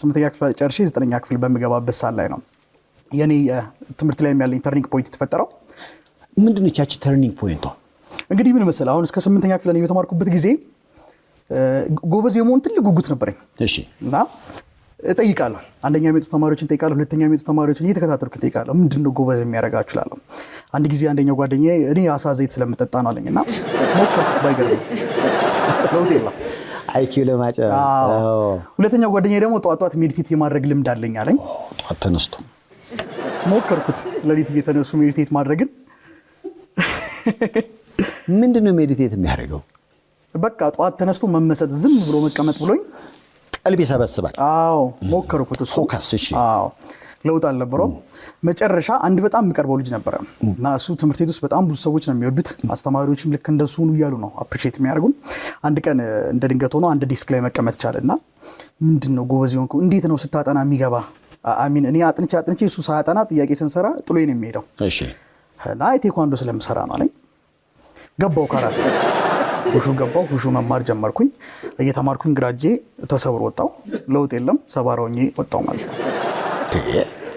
ስምንተኛ ክፍል ጨርሼ ዘጠነኛ ክፍል በምገባበት ሰዓት ላይ ነው የኔ ትምህርት ላይ ያለኝ ተርኒንግ ፖይንት የተፈጠረው። ምንድን ቻች ተርኒንግ ፖይንቷ? እንግዲህ ምን መሰለህ አሁን እስከ ስምንተኛ ክፍል ላይ በተማርኩበት ጊዜ ጎበዝ የመሆን ትልቅ ጉጉት ነበረኝ እና እጠይቃለሁ። አንደኛ የሚመጡ ተማሪዎችን እጠይቃለሁ፣ ሁለተኛ የሚመጡ ተማሪዎችን እየተከታተልኩ እጠይቃለሁ። ምንድን ነው ጎበዝ የሚያደርጋችሁ እላለሁ። አንድ ጊዜ አንደኛው ጓደኛዬ እኔ አሳ ዘይት ስለምጠጣ ነው አለኝ እና ሞከርኩት፣ ባይገርም ለውጥ የለም አይኪው ለማጨ ሁለተኛው ጓደኛ ደግሞ ጠዋጠዋት ሜዲቴት የማድረግ ልምድ አለኝ አለኝ። ተነስቶ ሞከርኩት፣ ለሊት እየተነሱ ሜዲቴት ማድረግን። ምንድን ነው ሜዲቴት የሚያደርገው? በቃ ጠዋት ተነስቶ መመሰጥ፣ ዝም ብሎ መቀመጥ ብሎኝ ቀልብ ይሰበስባል። ሞከርኩት። ፎከስ። እሺ ለውጥ አልነበረውም። መጨረሻ አንድ በጣም የሚቀርበው ልጅ ነበረ እና እሱ ትምህርት ቤት ውስጥ በጣም ብዙ ሰዎች ነው የሚወዱት። አስተማሪዎችም ልክ እንደሱ ሁኑ እያሉ ነው አፕሪሼት የሚያደርጉን። አንድ ቀን እንደ ድንገት ሆኖ አንድ ዲስክ ላይ መቀመጥ ቻለ እና ምንድን ነው ጎበዝ ሆንኩ፣ እንዴት ነው ስታጠና የሚገባ አሚን። እኔ አጥንቼ አጥንቼ እሱ ሳያጠና ጥያቄ ስንሰራ ጥሎ ነው የሚሄደው እና ቴኳንዶ ስለምሰራ ነው አለኝ። ገባው ካራት ሁሹ ገባው ሁሹ መማር ጀመርኩኝ። እየተማርኩኝ ግራጄ ተሰብሮ ወጣው። ለውጥ የለም ሰባራውኜ ወጣው ማለት ነው። থেকে